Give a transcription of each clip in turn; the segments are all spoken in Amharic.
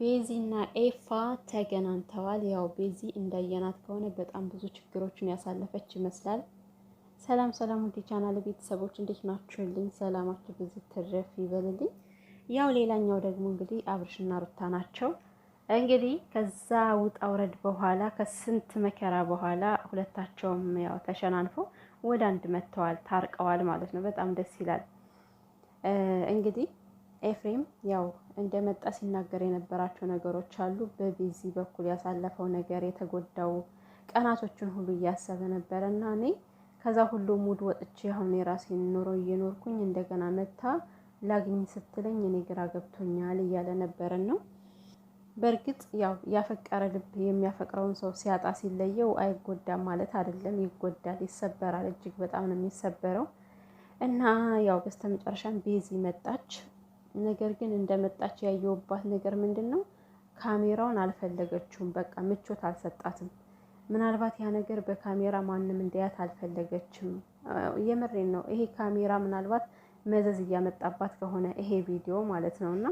ቤዚና ኤፋ ተገናንተዋል። ያው ቤዚ እንዳየናት ከሆነ በጣም ብዙ ችግሮችን ያሳለፈች ይመስላል። ሰላም ሰላም፣ ውድ ቻናል ቤተሰቦች እንዴት ናችሁልኝ? ሰላማችሁ ብዙ ትረፍ ይበልልኝ። ያው ሌላኛው ደግሞ እንግዲህ አብርሽና ሩታ ናቸው። እንግዲህ ከዛ ውጣ ውረድ በኋላ ከስንት መከራ በኋላ ሁለታቸውም ያው ተሸናንፎ ወደ አንድ መጥተዋል፣ ታርቀዋል ማለት ነው። በጣም ደስ ይላል እንግዲህ ኤፍሬም ያው እንደመጣ ሲናገር የነበራቸው ነገሮች አሉ። በቤዚ በኩል ያሳለፈው ነገር የተጎዳው ቀናቶችን ሁሉ እያሰበ ነበረ እና እኔ ከዛ ሁሉ ሙድ ወጥቼ አሁን የራሴን ኑሮ እየኖርኩኝ እንደገና መታ ላግኝ ስትለኝ እኔ ግራ ገብቶኛል እያለ ነበረን ነው። በእርግጥ ያው ያፈቀረ ልብ የሚያፈቅረውን ሰው ሲያጣ ሲለየው አይጎዳም ማለት አይደለም። ይጎዳል፣ ይሰበራል። እጅግ በጣም ነው የሚሰበረው እና ያው በስተመጨረሻም ቤዚ መጣች። ነገር ግን እንደመጣች ያየውባት ነገር ምንድን ነው? ካሜራውን አልፈለገችውም። በቃ ምቾት አልሰጣትም። ምናልባት ያ ነገር በካሜራ ማንም እንዲያት አልፈለገችም። የምሬን ነው። ይሄ ካሜራ ምናልባት መዘዝ እያመጣባት ከሆነ ይሄ ቪዲዮ ማለት ነው። እና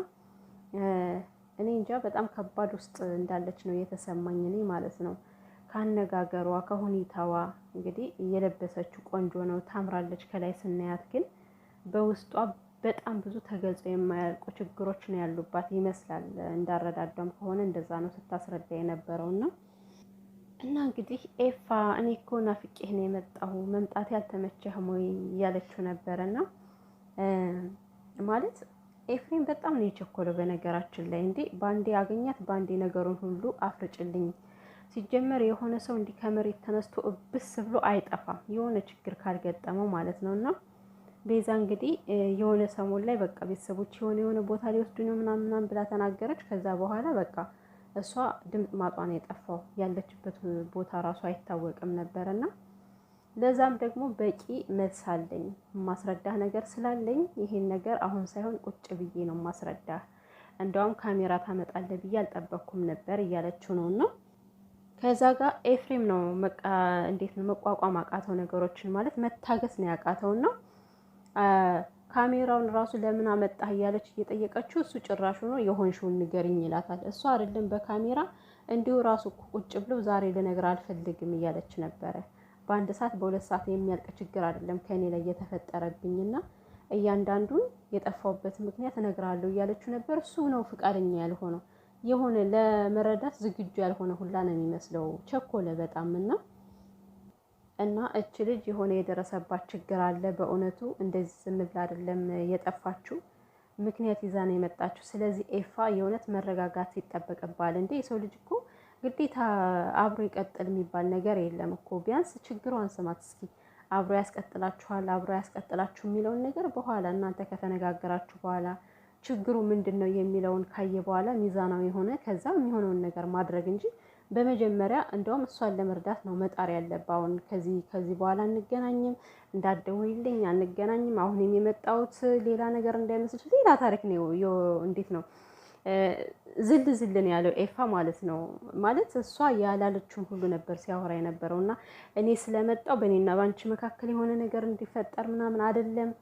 እኔ እንጃ በጣም ከባድ ውስጥ እንዳለች ነው የተሰማኝ እኔ ማለት ነው። ካነጋገሯ ከሁኔታዋ እንግዲህ እየለበሰችው ቆንጆ ነው፣ ታምራለች ከላይ ስናያት ግን በውስጧ በጣም ብዙ ተገልጾ የማያልቁ ችግሮች ነው ያሉባት ይመስላል። እንዳረዳዳም ከሆነ እንደዛ ነው ስታስረዳ የነበረው እና እና እንግዲህ ኤፋ እኔ እኮ ናፍቄህ ነው የመጣሁ መምጣት ያልተመቸህም ወይ እያለችው ነበረና ማለት ኤፍሬም በጣም ነው የቸኮለው። በነገራችን ላይ እንዴ ባንዴ አገኛት ባንዴ ነገሩን ሁሉ አፍርጭልኝ። ሲጀመር የሆነ ሰው እንዲህ ከመሬት ተነስቶ እብስ ብሎ አይጠፋም የሆነ ችግር ካልገጠመው ማለት ነው እና ቤዛ እንግዲህ የሆነ ሰሞን ላይ በቃ ቤተሰቦች የሆነ የሆነ ቦታ ሊወስዱ ነው ምናምናም ብላ ተናገረች። ከዛ በኋላ በቃ እሷ ድምፅ ማጧን የጠፋው ያለችበት ቦታ ራሱ አይታወቅም ነበር እና ለዛም ደግሞ በቂ መልስ አለኝ ማስረዳህ ነገር ስላለኝ ይሄን ነገር አሁን ሳይሆን ቁጭ ብዬ ነው ማስረዳ እንደውም ካሜራ ታመጣለ ብዬ አልጠበቅኩም ነበር እያለችው ነው እና ከዛ ጋር ኤፍሬም ነው እንዴት ነው መቋቋም አቃተው ነገሮችን ማለት መታገስ ነው ያቃተው ነው ካሜራውን ራሱ ለምን አመጣህ እያለች እየጠየቀችው እሱ ጭራሹ ነው የሆንሽውን ንገርኝ ይላታል። እሱ አይደለም በካሜራ እንዲሁ ራሱ ቁጭ ብሎ ዛሬ ልነግር አልፈልግም እያለች ነበረ። በአንድ ሰዓት በሁለት ሰዓት የሚያልቅ ችግር አይደለም ከእኔ ላይ የተፈጠረብኝና እያንዳንዱን የጠፋውበት ምክንያት እነግራለሁ እያለችው ነበር። እሱ ነው ፍቃደኛ ያልሆነው የሆነ ለመረዳት ዝግጁ ያልሆነ ሁላ ነው የሚመስለው ቸኮለ በጣም እና እና እች ልጅ የሆነ የደረሰባት ችግር አለ። በእውነቱ እንደዚህ ዝም ብላ አይደለም የጠፋችው፣ ምክንያት ይዛ ነው የመጣችው። ስለዚህ ኤፋ የእውነት መረጋጋት ይጠበቅባል። እንዴ የሰው ልጅ እኮ ግዴታ አብሮ ይቀጥል የሚባል ነገር የለም እኮ። ቢያንስ ችግሯን ስማት እስኪ። አብሮ ያስቀጥላችኋል፣ አብሮ ያስቀጥላችሁ የሚለውን ነገር በኋላ እናንተ ከተነጋገራችሁ በኋላ ችግሩ ምንድን ነው የሚለውን ካየ በኋላ ሚዛናዊ የሆነ ከዛ የሚሆነውን ነገር ማድረግ እንጂ በመጀመሪያ እንደውም እሷን ለመርዳት ነው መጣር ያለብህ። አሁን ከዚህ ከዚህ በኋላ አንገናኝም፣ እንዳትደውይልኝ፣ አንገናኝም። አሁን የመጣሁት ሌላ ነገር እንዳይመስልሽ ሌላ ታሪክ ነው። እንዴት ነው ዝል ዝል ነው ያለው ኤፋ ማለት ነው። ማለት እሷ ያላለችም ሁሉ ነበር ሲያወራ የነበረው እና እኔ ስለመጣው በእኔና በአንቺ መካከል የሆነ ነገር እንዲፈጠር ምናምን አይደለም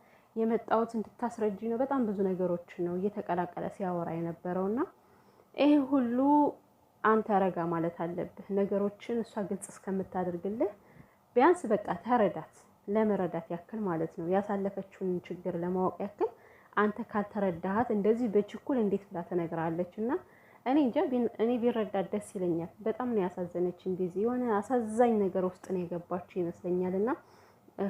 የመጣሁት እንድታስረጅ ነው። በጣም ብዙ ነገሮችን ነው እየተቀላቀለ ሲያወራ የነበረው እና ይሄ ሁሉ አንተ ረጋ ማለት አለብህ። ነገሮችን እሷ ግልጽ እስከምታደርግልህ ቢያንስ በቃ ተረዳት፣ ለመረዳት ያክል ማለት ነው። ያሳለፈችውን ችግር ለማወቅ ያክል አንተ ካልተረዳሃት እንደዚህ በችኩል እንዴት ብላ ተነግራለች እና እኔ እንጃ እኔ ቢረዳት ደስ ይለኛል። በጣም ነው ያሳዘነችን ጊዜ የሆነ አሳዛኝ ነገር ውስጥ ነው የገባችው ይመስለኛል። እና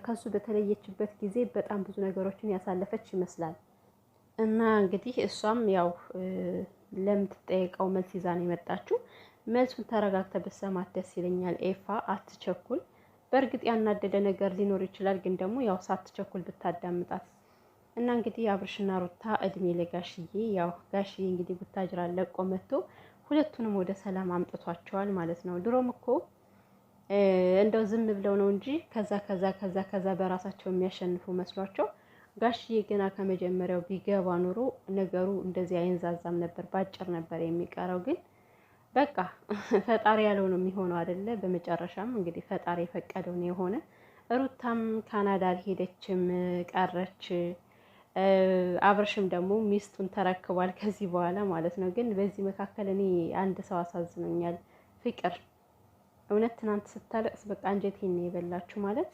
ከሱ በተለየችበት ጊዜ በጣም ብዙ ነገሮችን ያሳለፈች ይመስላል እና እንግዲህ እሷም ያው ለምትጠየቀው መልስ ይዛ ነው የመጣችው። መልሱን ተረጋግተ ብሰማት ደስ ይለኛል። ኤፋ አትቸኩል። በእርግጥ ያናደደ ነገር ሊኖር ይችላል፣ ግን ደግሞ ያው ሳትቸኩል ብታዳምጣት እና እንግዲህ አብርሽና ሩታ እድሜ ለጋሽዬ። ያው ጋሽዬ እንግዲህ ቡታጅራ ለቆ መጥቶ ሁለቱንም ወደ ሰላም አምጥቷቸዋል ማለት ነው። ድሮም እኮ እንደው ዝም ብለው ነው እንጂ ከዛ ከዛ ከዛ ከዛ በራሳቸው የሚያሸንፉ መስሏቸው ጋሽዬ ገና ከመጀመሪያው ቢገባ ኑሮ ነገሩ እንደዚህ አይንዛዛም ነበር፣ ባጭር ነበር የሚቀረው። ግን በቃ ፈጣሪ ያለው ነው የሚሆነው አይደለ? በመጨረሻም እንግዲህ ፈጣሪ የፈቀደው ነው የሆነ። ሩታም ካናዳ አልሄደችም ቀረች። አብርሽም ደግሞ ሚስቱን ተረክቧል ከዚህ በኋላ ማለት ነው። ግን በዚህ መካከል እኔ አንድ ሰው አሳዝኖኛል፣ ፍቅር እውነት ትናንት ስታለቅስ በቃ አንጀቴን የበላችሁ ማለት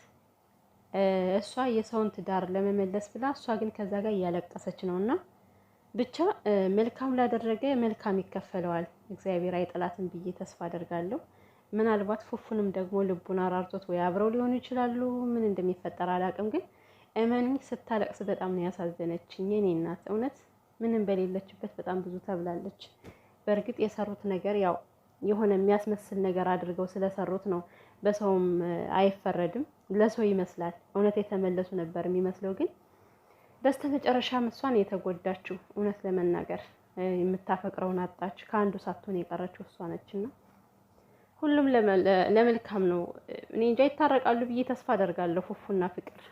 እሷ የሰውን ትዳር ለመመለስ ብላ እሷ ግን ከዛ ጋር እያለቀሰች ነው። እና ብቻ መልካም ላደረገ መልካም ይከፈለዋል፣ እግዚአብሔር አይጠላትም ብዬ ተስፋ አደርጋለሁ። ምናልባት ፉፉንም ደግሞ ልቡን አራርቶት ወይ አብረው ሊሆኑ ይችላሉ። ምን እንደሚፈጠር አላውቅም። ግን እመኒ ስታለቅስ በጣም ነው ያሳዘነችኝ የኔ እናት። እውነት ምንም በሌለችበት በጣም ብዙ ተብላለች። በእርግጥ የሰሩት ነገር ያው የሆነ የሚያስመስል ነገር አድርገው ስለሰሩት ነው። በሰውም አይፈረድም። ለሰው ይመስላል። እውነት የተመለሱ ነበር የሚመስለው፣ ግን በስተመጨረሻም እሷን የተጎዳችው እውነት ለመናገር የምታፈቅረውን አጣች። ከአንዱ ሳትሆን የቀረችው እሷ ነችና ሁሉም ለመልካም ነው። እኔ እንጃ ይታረቃሉ ብዬ ተስፋ አደርጋለሁ ፉፉና ፍቅር